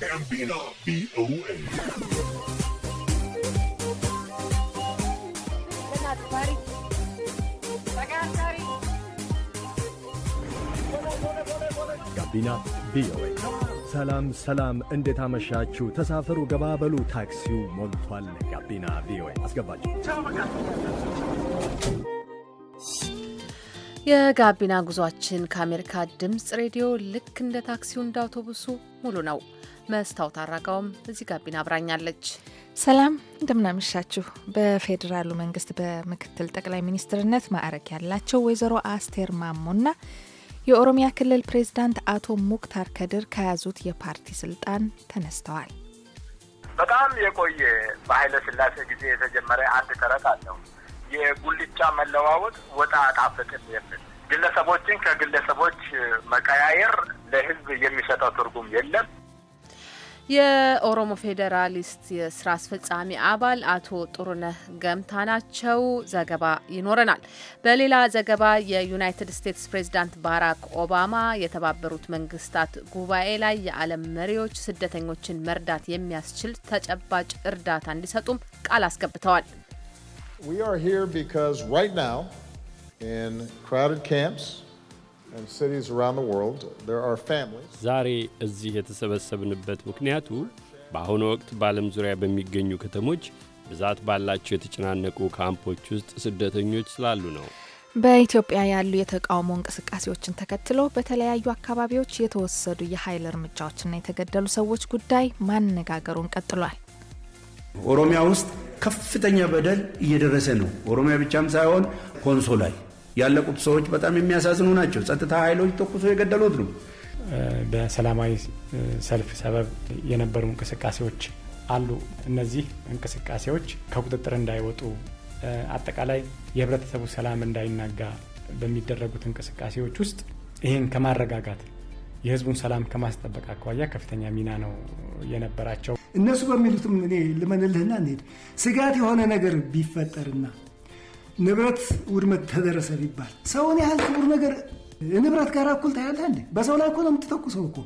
ጋቢና ቪኦኤ ጋቢና ቪኦኤ። ሰላም ሰላም፣ እንዴት አመሻችሁ? ተሳፈሩ፣ በሉ፣ ታክሲው ሞልቷል። ጋቢና ቪኦኤ አስገባችሁ። የጋቢና ጉዟችን ከአሜሪካ ድምፅ ሬዲዮ ልክ እንደ ታክሲው እንደ አውቶቡሱ ሙሉ ነው። መስታወት አራጋውም እዚህ ጋቢና አብራኛለች። ሰላም እንደምናመሻችሁ። በፌዴራሉ መንግስት በምክትል ጠቅላይ ሚኒስትርነት ማዕረግ ያላቸው ወይዘሮ አስቴር ማሞና የኦሮሚያ ክልል ፕሬዝዳንት አቶ ሙክታር ከድር ከያዙት የፓርቲ ስልጣን ተነስተዋል። በጣም የቆየ በኃይለ ስላሴ ጊዜ የተጀመረ አንድ ተረት አለው። የጉልቻ መለዋወጥ ወጣ አጣፍጥም የሚል ግለሰቦችን ከግለሰቦች መቀያየር ለህዝብ የሚሰጠው ትርጉም የለም። የኦሮሞ ፌዴራሊስት የስራ አስፈጻሚ አባል አቶ ጥሩነህ ገምታ ናቸው። ዘገባ ይኖረናል። በሌላ ዘገባ የዩናይትድ ስቴትስ ፕሬዚዳንት ባራክ ኦባማ የተባበሩት መንግስታት ጉባኤ ላይ የዓለም መሪዎች ስደተኞችን መርዳት የሚያስችል ተጨባጭ እርዳታ እንዲሰጡም ቃል አስገብተዋል። We are here because right now in crowded camps ዛሬ እዚህ የተሰበሰብንበት ምክንያቱ በአሁኑ ወቅት በዓለም ዙሪያ በሚገኙ ከተሞች ብዛት ባላቸው የተጨናነቁ ካምፖች ውስጥ ስደተኞች ስላሉ ነው። በኢትዮጵያ ያሉ የተቃውሞ እንቅስቃሴዎችን ተከትሎ በተለያዩ አካባቢዎች የተወሰዱ የኃይል እርምጃዎችና የተገደሉ ሰዎች ጉዳይ ማነጋገሩን ቀጥሏል። ኦሮሚያ ውስጥ ከፍተኛ በደል እየደረሰ ነው። ኦሮሚያ ብቻም ሳይሆን ኮንሶ ላይ ያለቁት ሰዎች በጣም የሚያሳዝኑ ናቸው። ጸጥታ ኃይሎች ተኩሶ የገደሉት ነው። በሰላማዊ ሰልፍ ሰበብ የነበሩ እንቅስቃሴዎች አሉ። እነዚህ እንቅስቃሴዎች ከቁጥጥር እንዳይወጡ አጠቃላይ የህብረተሰቡ ሰላም እንዳይናጋ በሚደረጉት እንቅስቃሴዎች ውስጥ ይህን ከማረጋጋት የህዝቡን ሰላም ከማስጠበቅ አኳያ ከፍተኛ ሚና ነው የነበራቸው። እነሱ በሚሉትም እኔ ልመንልህና እንሄድ ስጋት የሆነ ነገር ቢፈጠርና ንብረት ውድመት ተደረሰ ቢባል ሰውን ያህል ክቡር ነገር ንብረት ጋር እኩል ታያለህ እንዴ? በሰው ላይ እኮ ነው የምትተኩሰው እኮ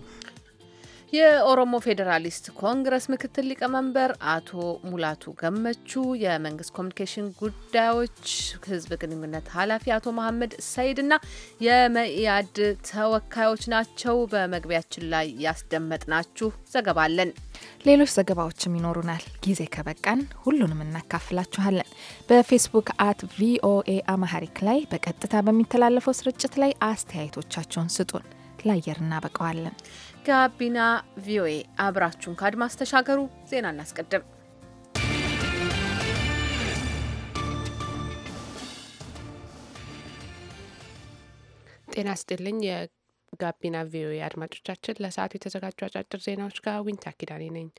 የኦሮሞ ፌዴራሊስት ኮንግረስ ምክትል ሊቀመንበር አቶ ሙላቱ ገመቹ፣ የመንግስት ኮሚኒኬሽን ጉዳዮች ህዝብ ግንኙነት ኃላፊ አቶ መሐመድ እና የመኢአድ ተወካዮች ናቸው። በመግቢያችን ላይ ያስደመጥናችሁ ዘገባ አለን። ሌሎች ዘገባዎችም ይኖሩናል። ጊዜ ከበቃን ሁሉንም እናካፍላችኋለን። በፌስቡክ አት ቪኦኤ አማሐሪክ ላይ በቀጥታ በሚተላለፈው ስርጭት ላይ አስተያየቶቻቸውን ስጡን። ለአየር እናበቀዋለን። ጋቢና ቪኦኤ አብራችሁን ከአድማስ ተሻገሩ። ዜና እናስቀድም። ጤና ይስጥልኝ። የጋቢና ቪኦኤ አድማጮቻችን፣ ለሰዓቱ የተዘጋጁ አጫጭር ዜናዎች ጋር ዊንታ ኪዳኔ ነኝ።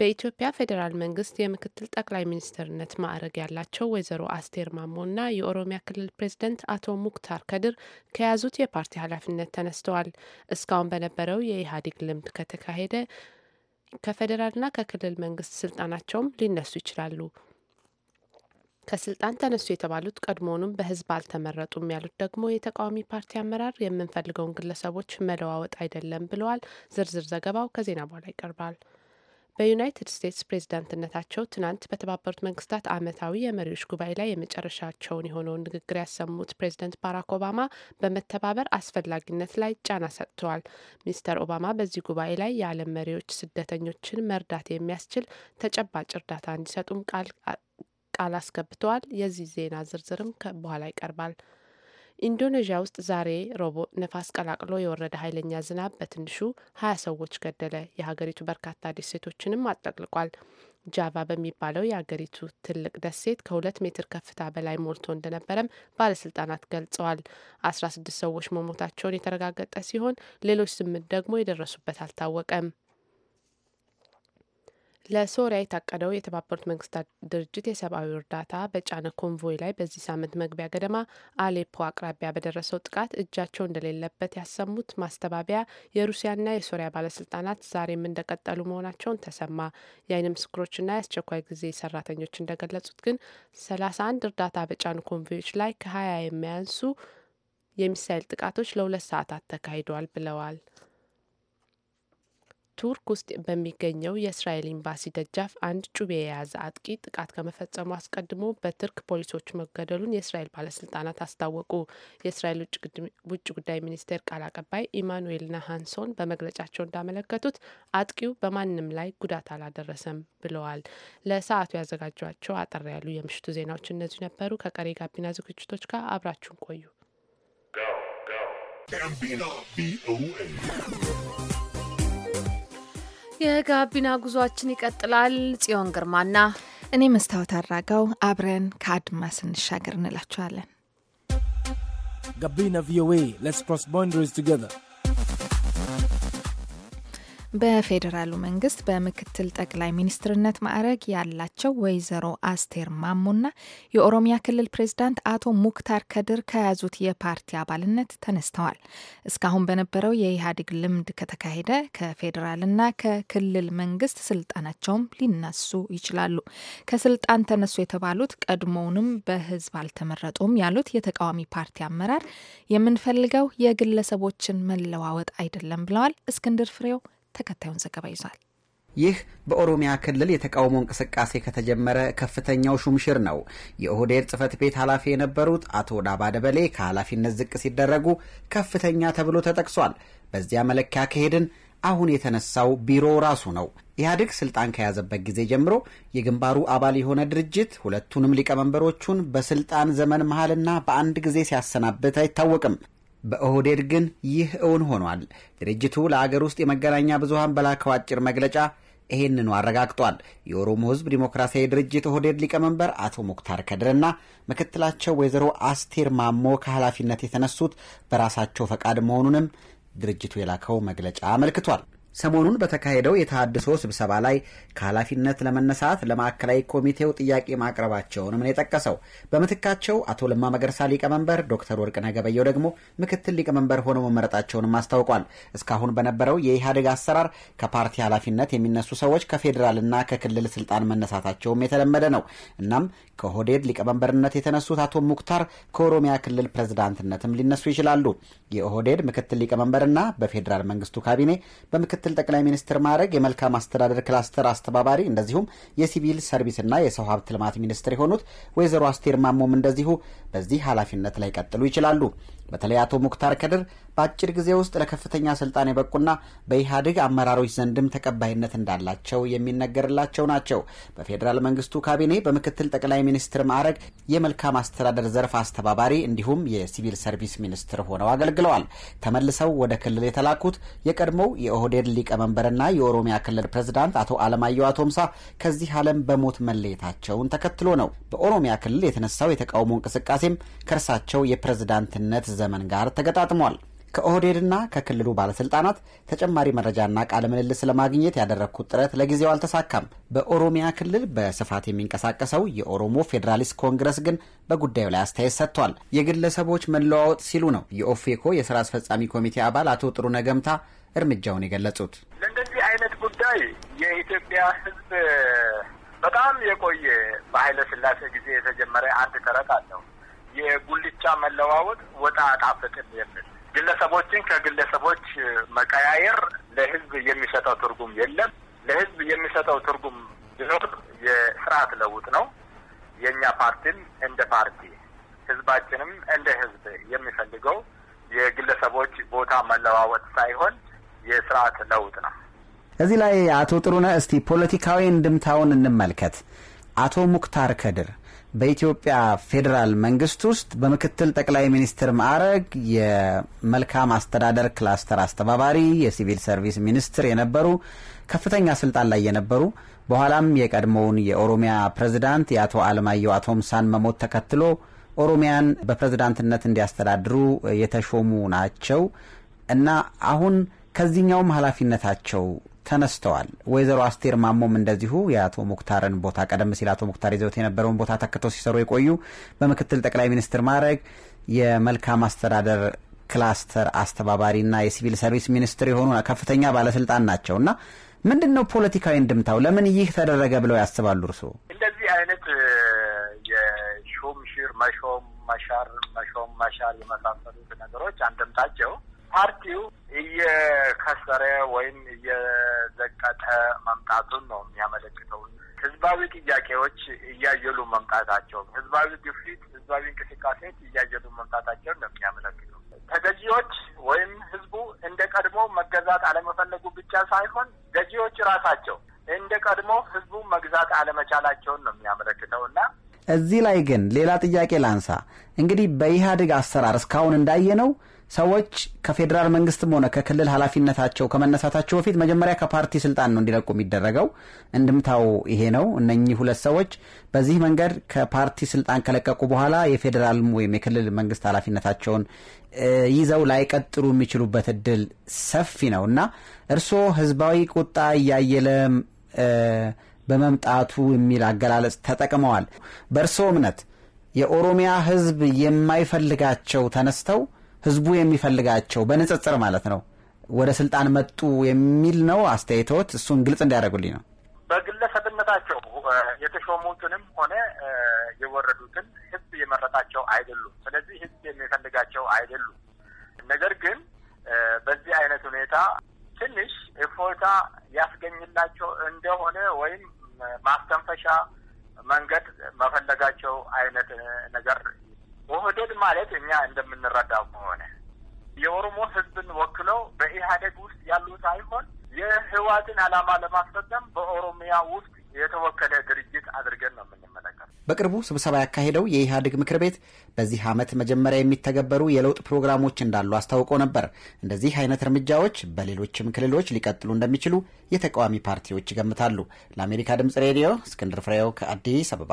በኢትዮጵያ ፌዴራል መንግስት የምክትል ጠቅላይ ሚኒስትርነት ማዕረግ ያላቸው ወይዘሮ አስቴር ማሞና የኦሮሚያ ክልል ፕሬዝደንት አቶ ሙክታር ከድር ከያዙት የፓርቲ ኃላፊነት ተነስተዋል። እስካሁን በነበረው የኢህአዴግ ልምድ ከተካሄደ ከፌዴራልና ከክልል መንግስት ስልጣናቸውም ሊነሱ ይችላሉ። ከስልጣን ተነሱ የተባሉት ቀድሞውንም በህዝብ አልተመረጡም ያሉት ደግሞ የተቃዋሚ ፓርቲ አመራር የምንፈልገውን ግለሰቦች መለዋወጥ አይደለም ብለዋል። ዝርዝር ዘገባው ከዜና በኋላ ይቀርባል። በዩናይትድ ስቴትስ ፕሬዝዳንትነታቸው ትናንት በተባበሩት መንግስታት ዓመታዊ የመሪዎች ጉባኤ ላይ የመጨረሻቸውን የሆነውን ንግግር ያሰሙት ፕሬዝደንት ባራክ ኦባማ በመተባበር አስፈላጊነት ላይ ጫና ሰጥተዋል። ሚስተር ኦባማ በዚህ ጉባኤ ላይ የዓለም መሪዎች ስደተኞችን መርዳት የሚያስችል ተጨባጭ እርዳታ እንዲሰጡም ቃል ቃል አስገብተዋል። የዚህ ዜና ዝርዝርም በኋላ ይቀርባል። ኢንዶኔዥያ ውስጥ ዛሬ ሮቦት ነፋስ ቀላቅሎ የወረደ ኃይለኛ ዝናብ በትንሹ ሀያ ሰዎች ገደለ። የሀገሪቱ በርካታ ደሴቶችንም አጥለቅልቋል። ጃቫ በሚባለው የሀገሪቱ ትልቅ ደሴት ከሁለት ሜትር ከፍታ በላይ ሞልቶ እንደነበረም ባለስልጣናት ገልጸዋል። አስራ ስድስት ሰዎች መሞታቸውን የተረጋገጠ ሲሆን ሌሎች ስምንት ደግሞ የደረሱበት አልታወቀም። ለሶሪያ የታቀደው የተባበሩት መንግስታት ድርጅት የሰብአዊ እርዳታ በጫነ ኮንቮይ ላይ በዚህ ሳምንት መግቢያ ገደማ አሌፖ አቅራቢያ በደረሰው ጥቃት እጃቸው እንደሌለበት ያሰሙት ማስተባበያ የሩሲያና የሶሪያ ባለስልጣናት ዛሬም እንደቀጠሉ መሆናቸውን ተሰማ። የአይን ምስክሮችና የአስቸኳይ ጊዜ ሰራተኞች እንደገለጹት ግን ሰላሳ አንድ እርዳታ በጫኑ ኮንቮዮች ላይ ከሀያ የሚያንሱ የሚሳይል ጥቃቶች ለሁለት ሰዓታት ተካሂደዋል ብለዋል። ቱርክ ውስጥ በሚገኘው የእስራኤል ኤምባሲ ደጃፍ አንድ ጩቤ የያዘ አጥቂ ጥቃት ከመፈጸሙ አስቀድሞ በቱርክ ፖሊሶች መገደሉን የእስራኤል ባለስልጣናት አስታወቁ። የእስራኤል ውጭ ጉዳይ ሚኒስቴር ቃል አቀባይ ኢማኑኤል ናሃንሶን በመግለጫቸው እንዳመለከቱት አጥቂው በማንም ላይ ጉዳት አላደረሰም ብለዋል። ለሰዓቱ ያዘጋጇቸው አጠር ያሉ የምሽቱ ዜናዎች እነዚሁ ነበሩ። ከቀሪ ጋቢና ዝግጅቶች ጋር አብራችሁን ቆዩ። የጋቢና ጉዟችን ይቀጥላል። ጽዮን ግርማና እኔ መስታወት አራጋው አብረን ከአድማስ እንሻገር እንላችኋለን። ጋቢና ቪኦኤ ሌትስ ክሮስ ቦንደሪስ ቱጌዘር በፌዴራሉ መንግስት በምክትል ጠቅላይ ሚኒስትርነት ማዕረግ ያላቸው ወይዘሮ አስቴር ማሞና የኦሮሚያ ክልል ፕሬዝዳንት አቶ ሙክታር ከድር ከያዙት የፓርቲ አባልነት ተነስተዋል። እስካሁን በነበረው የኢህአዴግ ልምድ ከተካሄደ ከፌዴራልና ከክልል መንግስት ስልጣናቸውም ሊነሱ ይችላሉ። ከስልጣን ተነሱ የተባሉት ቀድሞውንም በህዝብ አልተመረጡም ያሉት የተቃዋሚ ፓርቲ አመራር የምንፈልገው የግለሰቦችን መለዋወጥ አይደለም ብለዋል። እስክንድር ፍሬው ተከታዩን ዘገባ ይዟል። ይህ በኦሮሚያ ክልል የተቃውሞ እንቅስቃሴ ከተጀመረ ከፍተኛው ሹምሽር ነው። የኦህዴድ ጽህፈት ቤት ኃላፊ የነበሩት አቶ ዳባ ደበሌ ከኃላፊነት ዝቅ ሲደረጉ ከፍተኛ ተብሎ ተጠቅሷል። በዚያ መለኪያ ከሄድን አሁን የተነሳው ቢሮ ራሱ ነው። ኢህአዴግ ስልጣን ከያዘበት ጊዜ ጀምሮ የግንባሩ አባል የሆነ ድርጅት ሁለቱንም ሊቀመንበሮቹን በስልጣን ዘመን መሀልና በአንድ ጊዜ ሲያሰናብት አይታወቅም። በኦህዴድ ግን ይህ እውን ሆኗል። ድርጅቱ ለአገር ውስጥ የመገናኛ ብዙሃን በላከው አጭር መግለጫ ይህንኑ አረጋግጧል። የኦሮሞ ህዝብ ዲሞክራሲያዊ ድርጅት ኦህዴድ ሊቀመንበር አቶ ሙክታር ከድርና ምክትላቸው ወይዘሮ አስቴር ማሞ ከኃላፊነት የተነሱት በራሳቸው ፈቃድ መሆኑንም ድርጅቱ የላከው መግለጫ አመልክቷል። ሰሞኑን በተካሄደው የተሃድሶ ስብሰባ ላይ ከኃላፊነት ለመነሳት ለማዕከላዊ ኮሚቴው ጥያቄ ማቅረባቸውንም ነው የጠቀሰው። በምትካቸው አቶ ለማ መገርሳ ሊቀመንበር፣ ዶክተር ወርቅነህ ገበየሁ ደግሞ ምክትል ሊቀመንበር ሆነው መመረጣቸውንም አስታውቋል። እስካሁን በነበረው የኢህአዴግ አሰራር ከፓርቲ ኃላፊነት የሚነሱ ሰዎች ከፌዴራልና ከክልል ስልጣን መነሳታቸውም የተለመደ ነው። እናም ከሆዴድ ሊቀመንበርነት የተነሱት አቶ ሙክታር ከኦሮሚያ ክልል ፕሬዝዳንትነትም ሊነሱ ይችላሉ። የኦህዴድ ምክትል ሊቀመንበርና በፌዴራል መንግስቱ ካቢኔ በምክትል ምክትል ጠቅላይ ሚኒስትር ማዕረግ የመልካም አስተዳደር ክላስተር አስተባባሪ እንደዚሁም የሲቪል ሰርቪስና የሰው ሀብት ልማት ሚኒስትር የሆኑት ወይዘሮ አስቴር ማሞም እንደዚሁ በዚህ ኃላፊነት ላይ ቀጥሉ ይችላሉ። በተለይ አቶ ሙክታር ከድር በአጭር ጊዜ ውስጥ ለከፍተኛ ስልጣን የበቁና በኢህአዴግ አመራሮች ዘንድም ተቀባይነት እንዳላቸው የሚነገርላቸው ናቸው። በፌዴራል መንግስቱ ካቢኔ በምክትል ጠቅላይ ሚኒስትር ማዕረግ የመልካም አስተዳደር ዘርፍ አስተባባሪ እንዲሁም የሲቪል ሰርቪስ ሚኒስትር ሆነው አገልግለዋል። ተመልሰው ወደ ክልል የተላኩት የቀድሞው የኦህዴድ ሊቀመንበርና የኦሮሚያ ክልል ፕሬዝዳንት አቶ አለማየሁ አቶምሳ ከዚህ ዓለም በሞት መለየታቸውን ተከትሎ ነው። በኦሮሚያ ክልል የተነሳው የተቃውሞ እንቅስቃሴም ከእርሳቸው የፕሬዝዳንትነት ዘመን ጋር ተገጣጥሟል። ከኦህዴድና ከክልሉ ባለስልጣናት ተጨማሪ መረጃና ቃለ ምልልስ ለማግኘት ያደረግኩት ጥረት ለጊዜው አልተሳካም። በኦሮሚያ ክልል በስፋት የሚንቀሳቀሰው የኦሮሞ ፌዴራሊስት ኮንግረስ ግን በጉዳዩ ላይ አስተያየት ሰጥቷል። የግለሰቦች መለዋወጥ ሲሉ ነው የኦፌኮ የስራ አስፈጻሚ ኮሚቴ አባል አቶ ጥሩ ነገምታ እርምጃውን የገለጹት። ለእንደዚህ አይነት ጉዳይ የኢትዮጵያ ሕዝብ በጣም የቆየ በኃይለ ስላሴ ጊዜ የተጀመረ አንድ ተረት አለው። የጉልቻ መለዋወጥ ወጣ አጣፍጥም የሚል ግለሰቦችን ከግለሰቦች መቀያየር ለህዝብ የሚሰጠው ትርጉም የለም። ለህዝብ የሚሰጠው ትርጉም ቢኖር የስርዓት ለውጥ ነው። የእኛ ፓርቲም እንደ ፓርቲ ህዝባችንም እንደ ህዝብ የሚፈልገው የግለሰቦች ቦታ መለዋወጥ ሳይሆን የስርዓት ለውጥ ነው። እዚህ ላይ አቶ ጥሩነ እስቲ ፖለቲካዊ እንድምታውን እንመልከት። አቶ ሙክታር ከድር በኢትዮጵያ ፌዴራል መንግስት ውስጥ በምክትል ጠቅላይ ሚኒስትር ማዕረግ የመልካም አስተዳደር ክላስተር አስተባባሪ፣ የሲቪል ሰርቪስ ሚኒስትር የነበሩ ከፍተኛ ስልጣን ላይ የነበሩ በኋላም የቀድሞውን የኦሮሚያ ፕሬዝዳንት የአቶ አለማየሁ አቶምሳን መሞት ተከትሎ ኦሮሚያን በፕሬዝዳንትነት እንዲያስተዳድሩ የተሾሙ ናቸው እና አሁን ከዚህኛውም ኃላፊነታቸው ተነስተዋል። ወይዘሮ አስቴር ማሞም እንደዚሁ የአቶ ሙክታርን ቦታ ቀደም ሲል አቶ ሙክታር ይዘውት የነበረውን ቦታ ተክተው ሲሰሩ የቆዩ በምክትል ጠቅላይ ሚኒስትር ማዕረግ የመልካም አስተዳደር ክላስተር አስተባባሪና የሲቪል ሰርቪስ ሚኒስትር የሆኑ ከፍተኛ ባለስልጣን ናቸው እና ምንድን ነው ፖለቲካዊ እንድምታው? ለምን ይህ ተደረገ ብለው ያስባሉ እርስዎ? እንደዚህ አይነት የሹም ሽር መሾም መሻር መሾም መሻር የመሳሰሉት ነገሮች አንድምታቸው ፓርቲው እየከሰረ ወይም እየዘቀጠ መምጣቱን ነው የሚያመለክተው። ህዝባዊ ጥያቄዎች እያየሉ መምጣታቸው፣ ህዝባዊ ግፊት፣ ህዝባዊ እንቅስቃሴዎች እያየሉ መምጣታቸውን ነው የሚያመለክተው። ተገዢዎች ወይም ህዝቡ እንደ ቀድሞ መገዛት አለመፈለጉ ብቻ ሳይሆን ገዢዎች ራሳቸው እንደ ቀድሞ ህዝቡ መግዛት አለመቻላቸውን ነው የሚያመለክተው እና እዚህ ላይ ግን ሌላ ጥያቄ ላንሳ። እንግዲህ በኢህአዴግ አሰራር እስካሁን እንዳየ ነው ሰዎች ከፌዴራል መንግስትም ሆነ ከክልል ኃላፊነታቸው ከመነሳታቸው በፊት መጀመሪያ ከፓርቲ ስልጣን ነው እንዲለቁ የሚደረገው። እንድምታው ይሄ ነው። እነኚህ ሁለት ሰዎች በዚህ መንገድ ከፓርቲ ስልጣን ከለቀቁ በኋላ የፌዴራል ወይም የክልል መንግስት ኃላፊነታቸውን ይዘው ላይቀጥሉ የሚችሉበት እድል ሰፊ ነው እና እርስዎ ህዝባዊ ቁጣ እያየለ በመምጣቱ የሚል አገላለጽ ተጠቅመዋል። በእርስዎ እምነት የኦሮሚያ ህዝብ የማይፈልጋቸው ተነስተው ህዝቡ የሚፈልጋቸው በንጽጽር ማለት ነው ወደ ስልጣን መጡ የሚል ነው አስተያየቶት፣ እሱን ግልጽ እንዲያደርጉልኝ ነው። በግለሰብነታቸው የተሾሙትንም ሆነ የወረዱትን ህዝብ የመረጣቸው አይደሉም። ስለዚህ ህዝብ የሚፈልጋቸው አይደሉም። ነገር ግን በዚህ አይነት ሁኔታ ትንሽ እፎይታ ያስገኝላቸው እንደሆነ ወይም ማስተንፈሻ መንገድ መፈለጋቸው አይነት ነገር መውህደድ ማለት እኛ እንደምንረዳው ከሆነ የኦሮሞ ህዝብን ወክለው በኢህአዴግ ውስጥ ያሉ ሳይሆን የህወሓትን ዓላማ ለማስፈጸም በኦሮሚያ ውስጥ የተወከለ ድርጅት አድርገን ነው የምንመለከተው። በቅርቡ ስብሰባ ያካሄደው የኢህአዴግ ምክር ቤት በዚህ ዓመት መጀመሪያ የሚተገበሩ የለውጥ ፕሮግራሞች እንዳሉ አስታውቆ ነበር። እንደዚህ አይነት እርምጃዎች በሌሎችም ክልሎች ሊቀጥሉ እንደሚችሉ የተቃዋሚ ፓርቲዎች ይገምታሉ። ለአሜሪካ ድምጽ ሬዲዮ እስክንድር ፍሬው ከአዲስ አበባ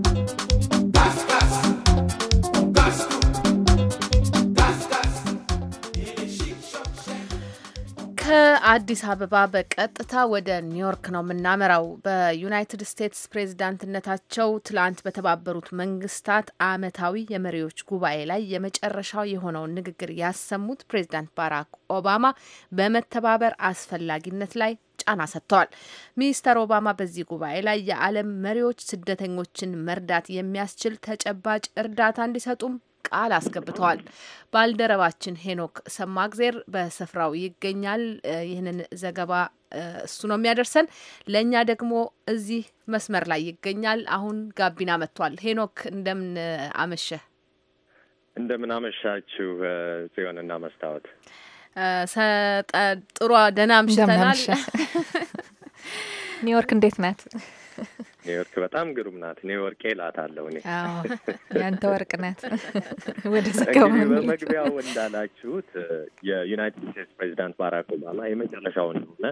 ከአዲስ አበባ በቀጥታ ወደ ኒውዮርክ ነው የምናመራው። በዩናይትድ ስቴትስ ፕሬዝዳንትነታቸው ትላንት በተባበሩት መንግስታት አመታዊ የመሪዎች ጉባኤ ላይ የመጨረሻው የሆነውን ንግግር ያሰሙት ፕሬዝዳንት ባራክ ኦባማ በመተባበር አስፈላጊነት ላይ ጫና ሰጥተዋል። ሚኒስተር ኦባማ በዚህ ጉባኤ ላይ የዓለም መሪዎች ስደተኞችን መርዳት የሚያስችል ተጨባጭ እርዳታ እንዲሰጡም ቃል አስገብተዋል። ባልደረባችን ሄኖክ ሰማግዜር በስፍራው ይገኛል። ይህንን ዘገባ እሱ ነው የሚያደርሰን። ለእኛ ደግሞ እዚህ መስመር ላይ ይገኛል። አሁን ጋቢና መጥቷል። ሄኖክ እንደምን አመሸ? እንደምን አመሻችሁ ጽዮንና መስታወት። ጥሩ ደህና አምሽተናል። ኒውዮርክ እንዴት ናት? ኒውዮርክ በጣም ግሩም ናት። ኒውዮርቄ እላታለሁ እኔ። ያንተ ወርቅ ናት። ወደ በመግቢያው እንዳላችሁት የዩናይትድ ስቴትስ ፕሬዚዳንት ባራክ ኦባማ የመጨረሻው እንደሆነ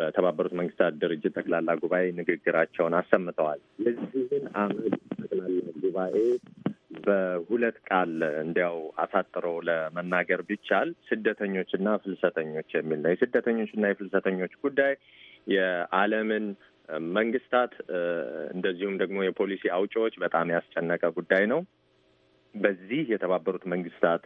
በተባበሩት መንግስታት ድርጅት ጠቅላላ ጉባኤ ንግግራቸውን አሰምተዋል። የዚህን አመት ጠቅላላ ጉባኤ በሁለት ቃል እንዲያው አሳጥሮ ለመናገር ቢቻል ስደተኞችና ፍልሰተኞች የሚል ነው። የስደተኞችና የፍልሰተኞች ጉዳይ የዓለምን መንግስታት እንደዚሁም ደግሞ የፖሊሲ አውጪዎች በጣም ያስጨነቀ ጉዳይ ነው። በዚህ የተባበሩት መንግስታት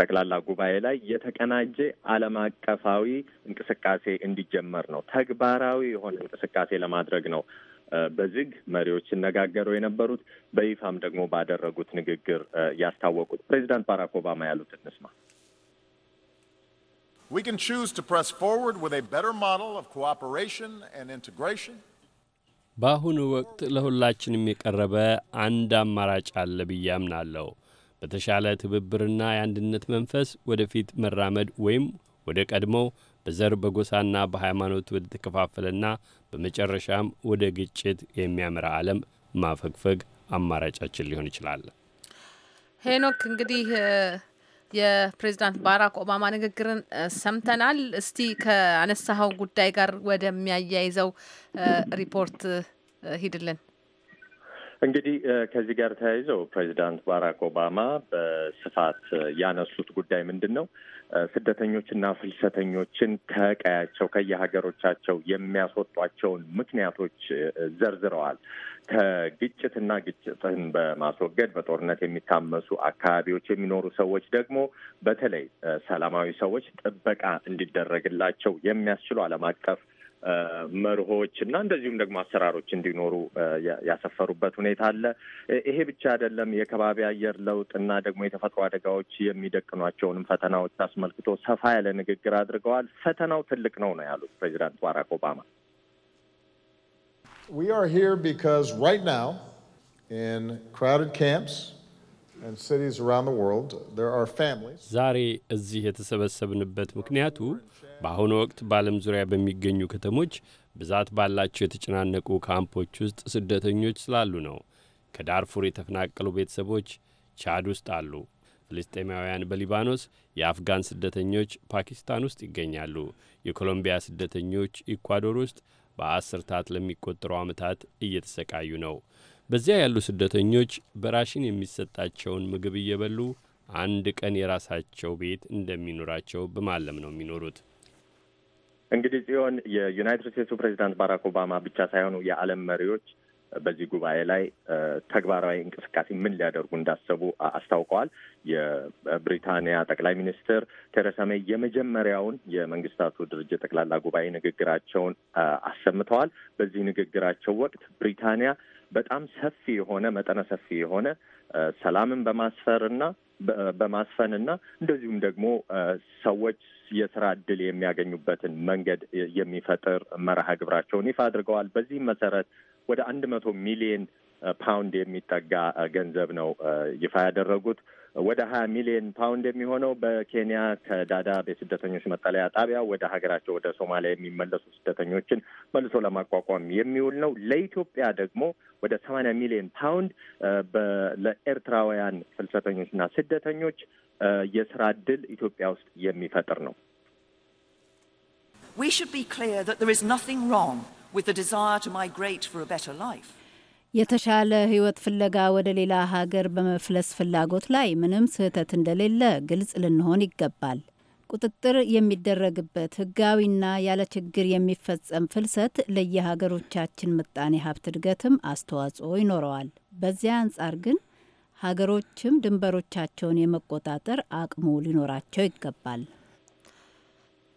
ጠቅላላ ጉባኤ ላይ የተቀናጀ ዓለም አቀፋዊ እንቅስቃሴ እንዲጀመር ነው። ተግባራዊ የሆነ እንቅስቃሴ ለማድረግ ነው። በዝግ መሪዎች ሲነጋገሩ የነበሩት በይፋም ደግሞ ባደረጉት ንግግር ያስታወቁት ፕሬዚዳንት ባራክ ኦባማ ያሉት እንስማ። We can choose to press forward with a better model of cooperation and integration. በአሁኑ ወቅት ለሁላችንም የቀረበ አንድ አማራጭ አለ ብዬ አምናለሁ። በተሻለ ትብብርና የአንድነት መንፈስ ወደፊት መራመድ ወይም ወደ ቀድሞው በዘር በጎሳና በሃይማኖት ወደ ተከፋፈለና በመጨረሻም ወደ ግጭት የሚያመራ ዓለም ማፈግፈግ አማራጫችን ሊሆን ይችላል። ሄኖክ እንግዲህ የፕሬዚዳንት ባራክ ኦባማ ንግግርን ሰምተናል። እስቲ ከአነሳኸው ጉዳይ ጋር ወደሚያያይዘው ሪፖርት ሂድልን። እንግዲህ ከዚህ ጋር ተያይዘው ፕሬዚዳንት ባራክ ኦባማ በስፋት ያነሱት ጉዳይ ምንድን ነው? ስደተኞችና ፍልሰተኞችን ከቀያቸው ከየሀገሮቻቸው የሚያስወጧቸውን ምክንያቶች ዘርዝረዋል። ከግጭትና ግጭትን በማስወገድ በጦርነት የሚታመሱ አካባቢዎች የሚኖሩ ሰዎች ደግሞ በተለይ ሰላማዊ ሰዎች ጥበቃ እንዲደረግላቸው የሚያስችሉ ዓለም አቀፍ መርሆች እና እንደዚሁም ደግሞ አሰራሮች እንዲኖሩ ያሰፈሩበት ሁኔታ አለ። ይሄ ብቻ አይደለም። የከባቢ አየር ለውጥ እና ደግሞ የተፈጥሮ አደጋዎች የሚደቅኗቸውንም ፈተናዎች አስመልክቶ ሰፋ ያለ ንግግር አድርገዋል። ፈተናው ትልቅ ነው ነው ያሉት ፕሬዚዳንት ባራክ ኦባማ። We are here because right now in crowded camps ዛሬ እዚህ የተሰበሰብንበት ምክንያቱ በአሁኑ ወቅት በዓለም ዙሪያ በሚገኙ ከተሞች ብዛት ባላቸው የተጨናነቁ ካምፖች ውስጥ ስደተኞች ስላሉ ነው። ከዳርፉር የተፈናቀሉ ቤተሰቦች ቻድ ውስጥ አሉ። ፍልስጤማውያን በሊባኖስ፣ የአፍጋን ስደተኞች ፓኪስታን ውስጥ ይገኛሉ። የኮሎምቢያ ስደተኞች ኢኳዶር ውስጥ በአስርታት ለሚቆጠሩ ዓመታት እየተሰቃዩ ነው። በዚያ ያሉ ስደተኞች በራሽን የሚሰጣቸውን ምግብ እየበሉ አንድ ቀን የራሳቸው ቤት እንደሚኖራቸው በማለም ነው የሚኖሩት። እንግዲህ ጽዮን የዩናይትድ ስቴትሱ ፕሬዚዳንት ባራክ ኦባማ ብቻ ሳይሆኑ የዓለም መሪዎች በዚህ ጉባኤ ላይ ተግባራዊ እንቅስቃሴ ምን ሊያደርጉ እንዳሰቡ አስታውቀዋል። የብሪታንያ ጠቅላይ ሚኒስትር ቴሬሳ ሜይ የመጀመሪያውን የመንግስታቱ ድርጅት ጠቅላላ ጉባኤ ንግግራቸውን አሰምተዋል። በዚህ ንግግራቸው ወቅት ብሪታንያ በጣም ሰፊ የሆነ መጠነ ሰፊ የሆነ ሰላምን በማስፈርና በማስፈንና እንደዚሁም ደግሞ ሰዎች የስራ እድል የሚያገኙበትን መንገድ የሚፈጥር መርሃ ግብራቸውን ይፋ አድርገዋል። በዚህም መሰረት ወደ አንድ መቶ ሚሊየን ፓውንድ የሚጠጋ ገንዘብ ነው ይፋ ያደረጉት። ወደ ሀያ ሚሊዮን ፓውንድ የሚሆነው በኬንያ ከዳዳብ የስደተኞች መጠለያ ጣቢያ ወደ ሀገራቸው ወደ ሶማሊያ የሚመለሱ ስደተኞችን መልሶ ለማቋቋም የሚውል ነው። ለኢትዮጵያ ደግሞ ወደ ሰማንያ ሚሊዮን ፓውንድ ለኤርትራውያን ፍልሰተኞችና ስደተኞች የስራ እድል ኢትዮጵያ ውስጥ የሚፈጥር ነው። We should be clear that there is nothing wrong with the desire to migrate for a better life. የተሻለ ህይወት ፍለጋ ወደ ሌላ ሀገር በመፍለስ ፍላጎት ላይ ምንም ስህተት እንደሌለ ግልጽ ልንሆን ይገባል። ቁጥጥር የሚደረግበት ህጋዊና ያለ ችግር የሚፈጸም ፍልሰት ለየሀገሮቻችን ምጣኔ ሀብት እድገትም አስተዋጽኦ ይኖረዋል። በዚያ አንጻር ግን ሀገሮችም ድንበሮቻቸውን የመቆጣጠር አቅሙ ሊኖራቸው ይገባል።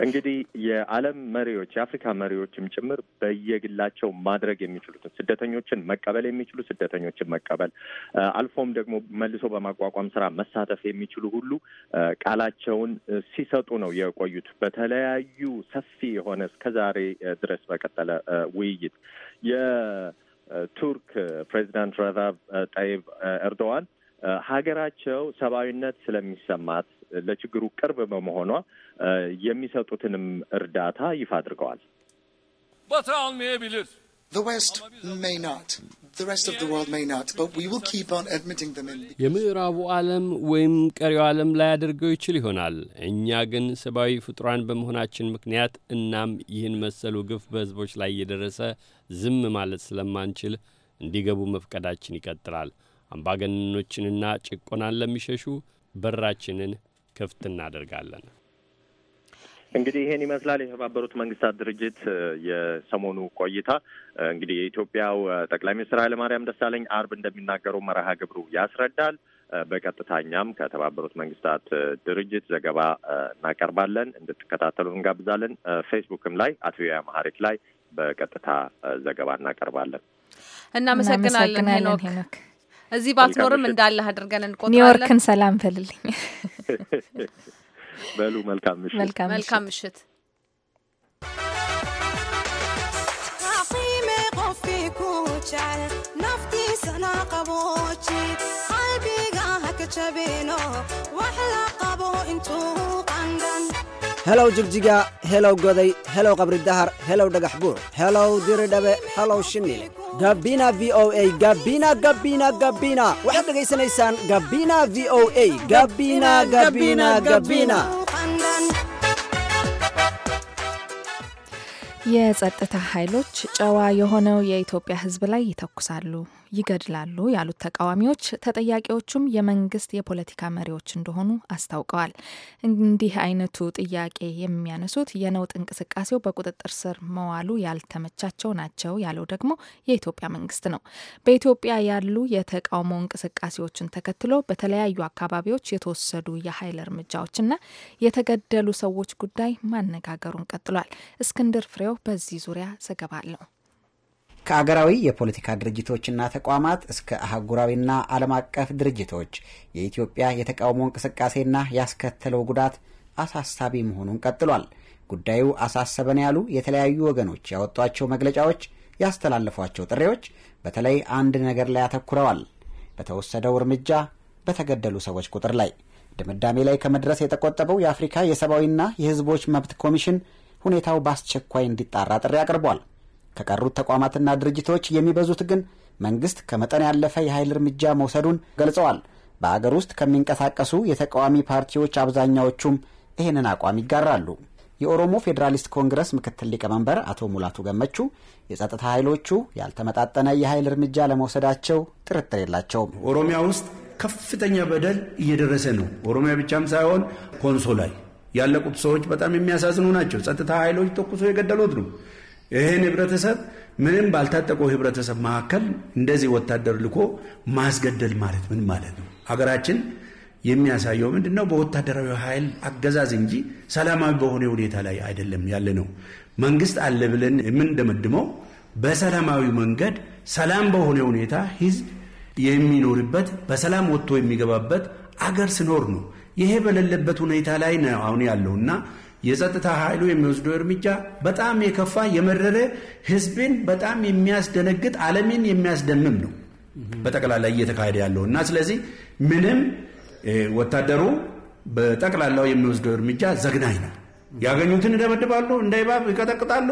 እንግዲህ የዓለም መሪዎች የአፍሪካ መሪዎችም ጭምር በየግላቸው ማድረግ የሚችሉትን ስደተኞችን መቀበል የሚችሉ ስደተኞችን መቀበል አልፎም ደግሞ መልሶ በማቋቋም ስራ መሳተፍ የሚችሉ ሁሉ ቃላቸውን ሲሰጡ ነው የቆዩት በተለያዩ ሰፊ የሆነ እስከዛሬ ድረስ በቀጠለ ውይይት የቱርክ ፕሬዚዳንት ረዛብ ጠይብ ኤርዶዋን ሀገራቸው ሰብአዊነት ስለሚሰማት ለችግሩ ቅርብ በመሆኗ የሚሰጡትንም እርዳታ ይፋ አድርገዋል። የምዕራቡ ዓለም ወይም ቀሪው ዓለም ላይ አድርገው ይችል ይሆናል። እኛ ግን ሰብአዊ ፍጡራን በመሆናችን ምክንያት እናም ይህን መሰሉ ግፍ በሕዝቦች ላይ እየደረሰ ዝም ማለት ስለማንችል እንዲገቡ መፍቀዳችን ይቀጥላል። አምባገነኖችንና ጭቆናን ለሚሸሹ በራችንን ክፍት እናደርጋለን። እንግዲህ ይሄን ይመስላል የተባበሩት መንግስታት ድርጅት የሰሞኑ ቆይታ። እንግዲህ የኢትዮጵያው ጠቅላይ ሚኒስትር ኃይለማርያም ደሳለኝ አርብ እንደሚናገሩ መርሃ ግብሩ ያስረዳል። በቀጥታ እኛም ከተባበሩት መንግስታት ድርጅት ዘገባ እናቀርባለን። እንድትከታተሉ እንጋብዛለን። ፌስቡክም ላይ አቶ አማሪክ ላይ በቀጥታ ዘገባ እናቀርባለን። እናመሰግናለን ሄኖክ። እዚህ ባትኖርም እንዳለህ አድርገን እንቆጥራለን። ኒውዮርክን ሰላም በልልኝ። بالو ملكم مشت ملكم مشت, مشت. قلبي قاهك واحلى قبو انتو قندن helow jigjiga helow goday helow qabri dahar helow dhagax buur helow diri dhabe helow shinil gabina v o a gabina gabina gabina waxaad dhegaysanaysaan gabina v o a gabina gabina gabina የጸጥታ ኃይሎች ጨዋ የሆነው የኢትዮጵያ ሕዝብ ላይ ይተኩሳሉ ይገድላሉ ያሉት ተቃዋሚዎች ተጠያቂዎቹም የመንግስት የፖለቲካ መሪዎች እንደሆኑ አስታውቀዋል። እንዲህ አይነቱ ጥያቄ የሚያነሱት የነውጥ እንቅስቃሴው በቁጥጥር ስር መዋሉ ያልተመቻቸው ናቸው ያለው ደግሞ የኢትዮጵያ መንግስት ነው። በኢትዮጵያ ያሉ የተቃውሞ እንቅስቃሴዎችን ተከትሎ በተለያዩ አካባቢዎች የተወሰዱ የኃይል እርምጃዎችና የተገደሉ ሰዎች ጉዳይ ማነጋገሩን ቀጥሏል። እስክንድር ፍሬው በዚህ ዙሪያ ዘገባ አለው። ከአገራዊ የፖለቲካ ድርጅቶችና ተቋማት እስከ አህጉራዊና ዓለም አቀፍ ድርጅቶች የኢትዮጵያ የተቃውሞ እንቅስቃሴና ያስከተለው ጉዳት አሳሳቢ መሆኑን ቀጥሏል። ጉዳዩ አሳሰበን ያሉ የተለያዩ ወገኖች ያወጧቸው መግለጫዎች፣ ያስተላለፏቸው ጥሪዎች በተለይ አንድ ነገር ላይ አተኩረዋል። በተወሰደው እርምጃ በተገደሉ ሰዎች ቁጥር ላይ ድምዳሜ ላይ ከመድረስ የተቆጠበው የአፍሪካ የሰብአዊና የሕዝቦች መብት ኮሚሽን ሁኔታው በአስቸኳይ እንዲጣራ ጥሪ አቅርቧል። ከቀሩት ተቋማትና ድርጅቶች የሚበዙት ግን መንግስት ከመጠን ያለፈ የኃይል እርምጃ መውሰዱን ገልጸዋል። በአገር ውስጥ ከሚንቀሳቀሱ የተቃዋሚ ፓርቲዎች አብዛኛዎቹም ይህንን አቋም ይጋራሉ። የኦሮሞ ፌዴራሊስት ኮንግረስ ምክትል ሊቀመንበር አቶ ሙላቱ ገመቹ የጸጥታ ኃይሎቹ ያልተመጣጠነ የኃይል እርምጃ ለመውሰዳቸው ጥርጥር የላቸውም። ኦሮሚያ ውስጥ ከፍተኛ በደል እየደረሰ ነው። ኦሮሚያ ብቻም ሳይሆን ኮንሶ ላይ ያለቁት ሰዎች በጣም የሚያሳዝኑ ናቸው። ጸጥታ ኃይሎች ተኩሶ የገደሉት ነው። ይህን ህብረተሰብ ምንም ባልታጠቀው ህብረተሰብ መካከል እንደዚህ ወታደር ልኮ ማስገደል ማለት ምን ማለት ነው? ሀገራችን የሚያሳየው ምንድን ነው? በወታደራዊ ኃይል አገዛዝ እንጂ ሰላማዊ በሆነ ሁኔታ ላይ አይደለም ያለ ነው። መንግስት አለ ብለን የምንደመድመው በሰላማዊ መንገድ ሰላም በሆነ ሁኔታ ህዝብ የሚኖርበት በሰላም ወጥቶ የሚገባበት አገር ስኖር ነው። ይሄ በሌለበት ሁኔታ ላይ ነው አሁን ያለውና የጸጥታ ኃይሉ የሚወስደው እርምጃ በጣም የከፋ የመረረ ህዝብን በጣም የሚያስደነግጥ ዓለምን የሚያስደምም ነው በጠቅላላ እየተካሄደ ያለው እና ስለዚህ ምንም ወታደሩ በጠቅላላው የሚወስደው እርምጃ ዘግናኝ ነው። ያገኙትን ይደበድባሉ፣ እንደ እባብ ይቀጠቅጣሉ።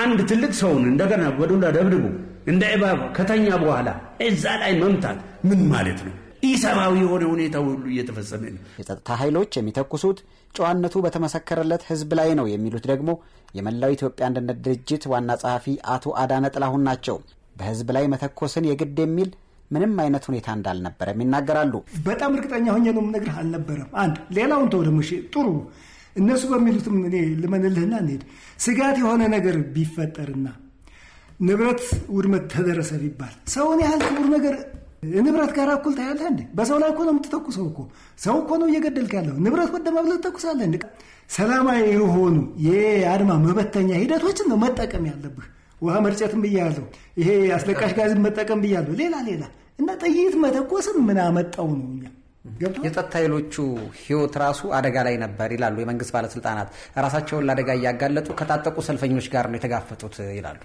አንድ ትልቅ ሰውን እንደገና በዱላ ደብድቡ እንደ እባብ ከተኛ በኋላ እዛ ላይ መምታት ምን ማለት ነው? ኢሰብአዊ የሆነ ሁኔታ ሁሉ እየተፈጸመ ነው። የጸጥታ ኃይሎች የሚተኩሱት ጨዋነቱ በተመሰከረለት ህዝብ ላይ ነው የሚሉት ደግሞ የመላው ኢትዮጵያ አንድነት ድርጅት ዋና ጸሐፊ አቶ አዳነ ጥላሁን ናቸው። በህዝብ ላይ መተኮስን የግድ የሚል ምንም አይነት ሁኔታ እንዳልነበረም ይናገራሉ። በጣም እርግጠኛ ሆኜ ነው የምነግርህ፣ አልነበረም። አንድ ሌላውን ተው ደግሞ ጥሩ እነሱ በሚሉትም እኔ ልመንልህና እንሄድ ስጋት የሆነ ነገር ቢፈጠርና ንብረት ውድመት ተደረሰ ቢባል ሰውን ያህል ክቡር ነገር ንብረት ጋር እኩል ታያለህ እንዴ? በሰው ላይ እኮ ነው የምትተኩሰው እኮ ሰው እኮ ነው እየገደልክ ያለው። ንብረት ወደማ ብለህ ትተኩሳለህ እንዴ? ሰላማዊ የሆኑ የአድማ መበተኛ ሂደቶችን ነው መጠቀም ያለብህ። ውሃ መርጨትም ብያለሁ፣ ይሄ አስለቃሽ ጋዝን መጠቀም ብያለሁ፣ ሌላ ሌላ እና ጥይት መተኮስን ምን አመጣው ነው እኛ የጸጥታ ኃይሎቹ ህይወት ራሱ አደጋ ላይ ነበር ይላሉ የመንግስት ባለስልጣናት። ራሳቸውን ለአደጋ እያጋለጡ ከታጠቁ ሰልፈኞች ጋር ነው የተጋፈጡት ይላሉ።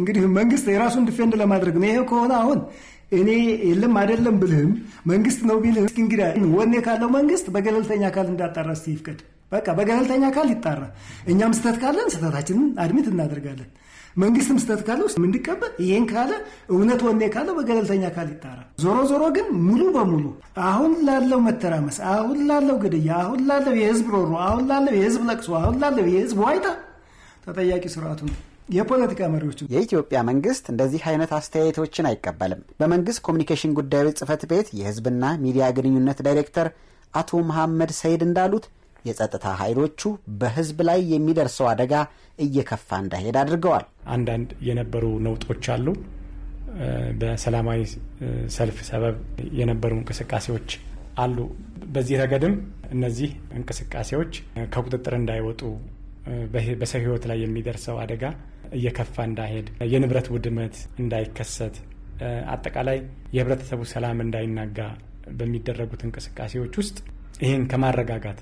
እንግዲህ መንግስት የራሱን ዲፌንድ ለማድረግ ነው። ይሄ ከሆነ አሁን እኔ የለም አይደለም ብልህም መንግስት ነው ቢልህም እንግዲያ ወኔ ካለው መንግስት በገለልተኛ አካል እንዳጣራ እስቲ ይፍቀድ። በቃ በገለልተኛ አካል ይጣራ። እኛም ስህተት ካለን ስተታችንን አድሚት እናደርጋለን። መንግስትም ስህተት ካለ ውስጥ የምንቀበል ይህን ካለ እውነት ወኔ ካለ በገለልተኛ አካል ይጣራ። ዞሮ ዞሮ ግን ሙሉ በሙሉ አሁን ላለው መተራመስ፣ አሁን ላለው ግድያ፣ አሁን ላለው የህዝብ ሮሮ፣ አሁን ላለው የህዝብ ለቅሶ፣ አሁን ላለው የህዝብ ዋይታ ተጠያቂ ስርዓቱ ነው። የፖለቲካ መሪዎች የኢትዮጵያ መንግስት እንደዚህ አይነት አስተያየቶችን አይቀበልም። በመንግስት ኮሚኒኬሽን ጉዳዮች ጽህፈት ቤት የህዝብና ሚዲያ ግንኙነት ዳይሬክተር አቶ መሐመድ ሰይድ እንዳሉት የጸጥታ ኃይሎቹ በህዝብ ላይ የሚደርሰው አደጋ እየከፋ እንዳይሄድ አድርገዋል። አንዳንድ የነበሩ ነውጦች አሉ። በሰላማዊ ሰልፍ ሰበብ የነበሩ እንቅስቃሴዎች አሉ። በዚህ ረገድም እነዚህ እንቅስቃሴዎች ከቁጥጥር እንዳይወጡ በሰው ህይወት ላይ የሚደርሰው አደጋ እየከፋ እንዳይሄድ፣ የንብረት ውድመት እንዳይከሰት፣ አጠቃላይ የህብረተሰቡ ሰላም እንዳይናጋ በሚደረጉት እንቅስቃሴዎች ውስጥ ይህን ከማረጋጋት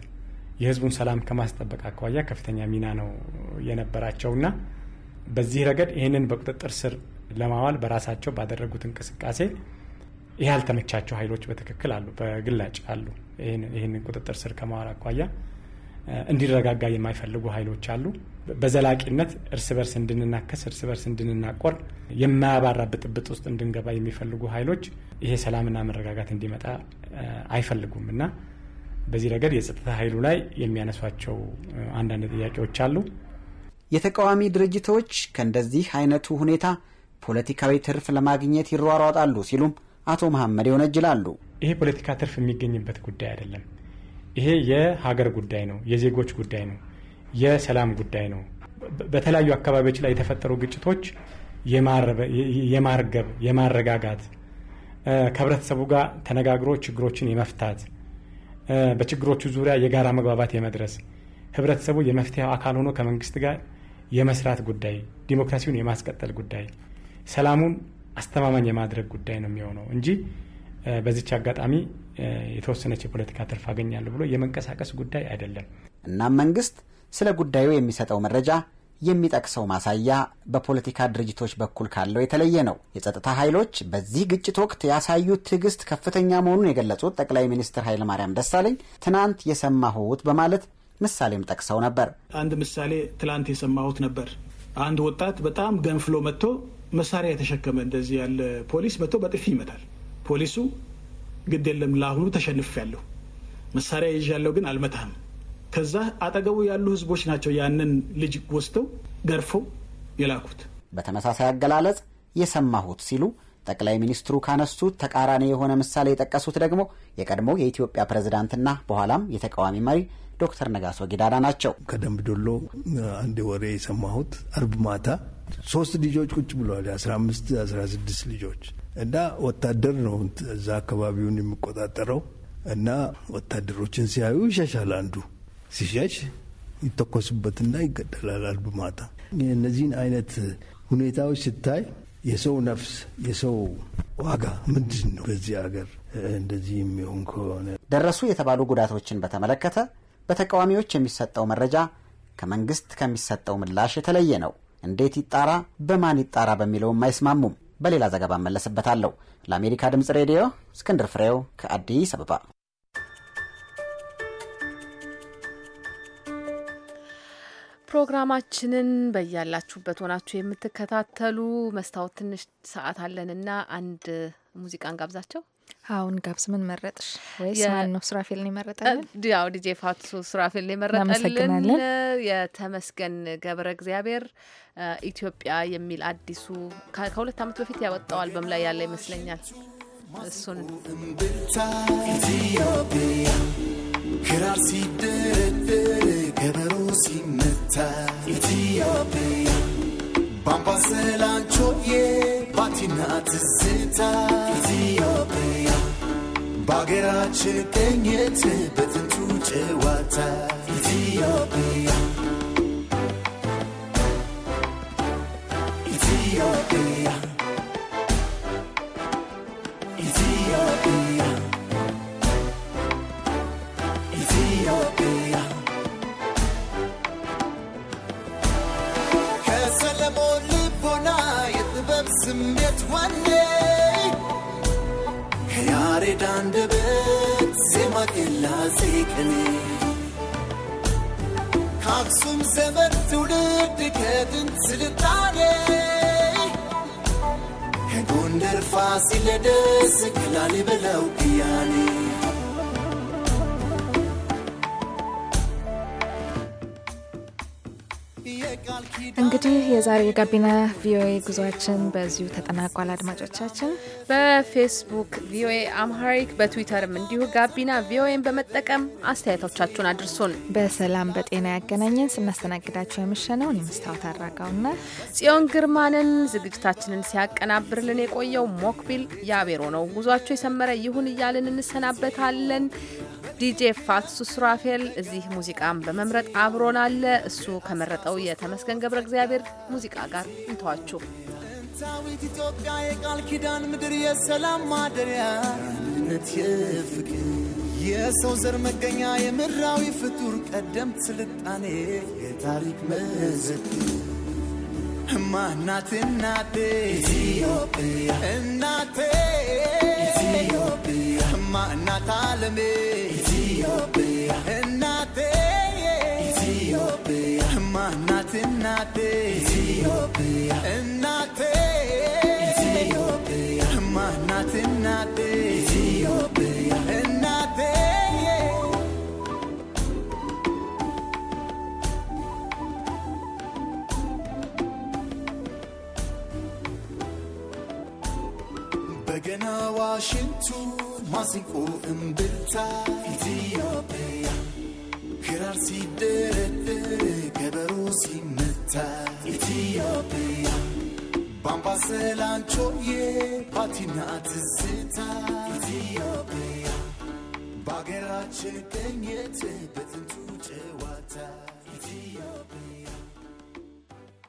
የህዝቡን ሰላም ከማስጠበቅ አኳያ ከፍተኛ ሚና ነው የነበራቸውና በዚህ ረገድ ይህንን በቁጥጥር ስር ለማዋል በራሳቸው ባደረጉት እንቅስቃሴ ይህ ያልተመቻቸው ኃይሎች በትክክል አሉ፣ በግላጭ አሉ። ይህንን ቁጥጥር ስር ከማዋል አኳያ እንዲረጋጋ የማይፈልጉ ኃይሎች አሉ። በዘላቂነት እርስ በርስ እንድንናከስ እርስ በርስ እንድንናቆር የማያባራ ብጥብጥ ውስጥ እንድንገባ የሚፈልጉ ኃይሎች ይሄ ሰላምና መረጋጋት እንዲመጣ አይፈልጉም እና በዚህ ረገድ የጸጥታ ኃይሉ ላይ የሚያነሷቸው አንዳንድ ጥያቄዎች አሉ። የተቃዋሚ ድርጅቶች ከእንደዚህ አይነቱ ሁኔታ ፖለቲካዊ ትርፍ ለማግኘት ይሯሯጣሉ ሲሉም አቶ መሐመድ ይወነጅላሉ። ይሄ ፖለቲካ ትርፍ የሚገኝበት ጉዳይ አይደለም። ይሄ የሀገር ጉዳይ ነው፣ የዜጎች ጉዳይ ነው። የሰላም ጉዳይ ነው። በተለያዩ አካባቢዎች ላይ የተፈጠሩ ግጭቶች የማርገብ የማረጋጋት ከህብረተሰቡ ጋር ተነጋግሮ ችግሮችን የመፍታት በችግሮቹ ዙሪያ የጋራ መግባባት የመድረስ ህብረተሰቡ የመፍትሄ አካል ሆኖ ከመንግስት ጋር የመስራት ጉዳይ፣ ዲሞክራሲውን የማስቀጠል ጉዳይ፣ ሰላሙን አስተማማኝ የማድረግ ጉዳይ ነው የሚሆነው እንጂ በዚች አጋጣሚ የተወሰነች የፖለቲካ ትርፍ አገኛለሁ ብሎ የመንቀሳቀስ ጉዳይ አይደለም። እናም መንግስት ስለ ጉዳዩ የሚሰጠው መረጃ የሚጠቅሰው ማሳያ በፖለቲካ ድርጅቶች በኩል ካለው የተለየ ነው። የጸጥታ ኃይሎች በዚህ ግጭት ወቅት ያሳዩት ትዕግስት ከፍተኛ መሆኑን የገለጹት ጠቅላይ ሚኒስትር ኃይለማርያም ደሳለኝ ትናንት የሰማሁት በማለት ምሳሌም ጠቅሰው ነበር። አንድ ምሳሌ ትላንት የሰማሁት ነበር። አንድ ወጣት በጣም ገንፍሎ መጥቶ መሳሪያ የተሸከመ እንደዚህ ያለ ፖሊስ መጥቶ በጥፊ ይመታል። ፖሊሱ ግድ የለም ለአሁኑ ተሸንፍ ያለሁ መሳሪያ ይዣለሁ ግን አልመታህም ከዛ አጠገቡ ያሉ ህዝቦች ናቸው ያንን ልጅ ወስደው ገርፈው የላኩት። በተመሳሳይ አገላለጽ የሰማሁት ሲሉ ጠቅላይ ሚኒስትሩ ካነሱት ተቃራኒ የሆነ ምሳሌ የጠቀሱት ደግሞ የቀድሞ የኢትዮጵያ ፕሬዝዳንትና በኋላም የተቃዋሚ መሪ ዶክተር ነጋሶ ጊዳዳ ናቸው። ከደንብ ዶሎ አንድ ወሬ የሰማሁት አርብ ማታ ሶስት ልጆች ቁጭ ብለዋል። የአስራ አምስት አስራ ስድስት ልጆች እና ወታደር ነው እዛ አካባቢውን የሚቆጣጠረው እና ወታደሮችን ሲያዩ ይሸሻል አንዱ ሲሸሽ ይተኮስበትና ይገደላል። አልቡማታ እነዚህን አይነት ሁኔታዎች ስታይ የሰው ነፍስ የሰው ዋጋ ምንድን ነው? በዚህ ሀገር እንደዚህ የሚሆን ከሆነ ደረሱ የተባሉ ጉዳቶችን በተመለከተ በተቃዋሚዎች የሚሰጠው መረጃ ከመንግስት ከሚሰጠው ምላሽ የተለየ ነው። እንዴት ይጣራ፣ በማን ይጣራ በሚለውም አይስማሙም። በሌላ ዘገባ እመለስበታለሁ። ለአሜሪካ ድምፅ ሬዲዮ እስክንድር ፍሬው ከአዲስ አበባ ፕሮግራማችንን በያላችሁበት ሆናችሁ የምትከታተሉ መስታወት፣ ትንሽ ሰዓት አለንና አንድ ሙዚቃን ጋብዛቸው። አሁን ጋብስ ምን መረጥሽ? ወይስ ማን ነው ሱራፌልን የመረጠልን? ያው ዲጄ ፋቱ ሱራፌልን የመረጠልን የተመስገን ገብረ እግዚአብሔር ኢትዮጵያ የሚል አዲሱ ከሁለት ዓመት በፊት ያወጣው አልበም ላይ ያለ ይመስለኛል። እሱን ክራር ሲደረደር Ethiopia. ቅኔ ከአክሱም ዘመን ትውልድ ከጥንት ስልጣኔ ከጎንደር ፋሲለደስ ከላሊበላው ቅያኔ እንግዲህ የዛሬ የጋቢና ቪኦኤ ጉዟችን በዚሁ ተጠናቋል። አድማጮቻችን በፌስቡክ ቪኦኤ አምሃሪክ በትዊተርም እንዲሁ ጋቢና ቪኦኤን በመጠቀም አስተያየቶቻችሁን አድርሱን። በሰላም በጤና ያገናኘን። ስናስተናግዳቸው የምሸነውን የመስታወት አድራጋውና ጽዮን ግርማንን ዝግጅታችንን ሲያቀናብርልን የቆየው ሞክቢል ያቤሮ ነው። ጉዟችሁ የሰመረ ይሁን እያልን እንሰናበታለን። ዲጄ ፋትሱ ሱራፌል እዚህ ሙዚቃን በመምረጥ አብሮን አለ። እሱ ከመረጠው የተመስገን ገብረ እግዚአብሔር ሙዚቃ ጋር እንተዋችሁ። ጥንታዊት ኢትዮጵያ የቃል ኪዳን ምድር የሰላም ማደሪያ አንድነት የፍቅር የሰው ዘር መገኛ የምድራዊ ፍጡር ቀደምት ስልጣኔ የታሪክ መዝግብ እማናት እናቴ ኢትዮጵያ እናቴ ኢትዮጵያ እማናት አለሜ በገና ዋሽንቱ ማሲንቆ እምብልታ ኢትዮጵያ ክራር ሲደረድር ገበሩ ሲመ Ethiopia. Bamba selancho patinati zita. Ethiopia. Bagera che penye che wata.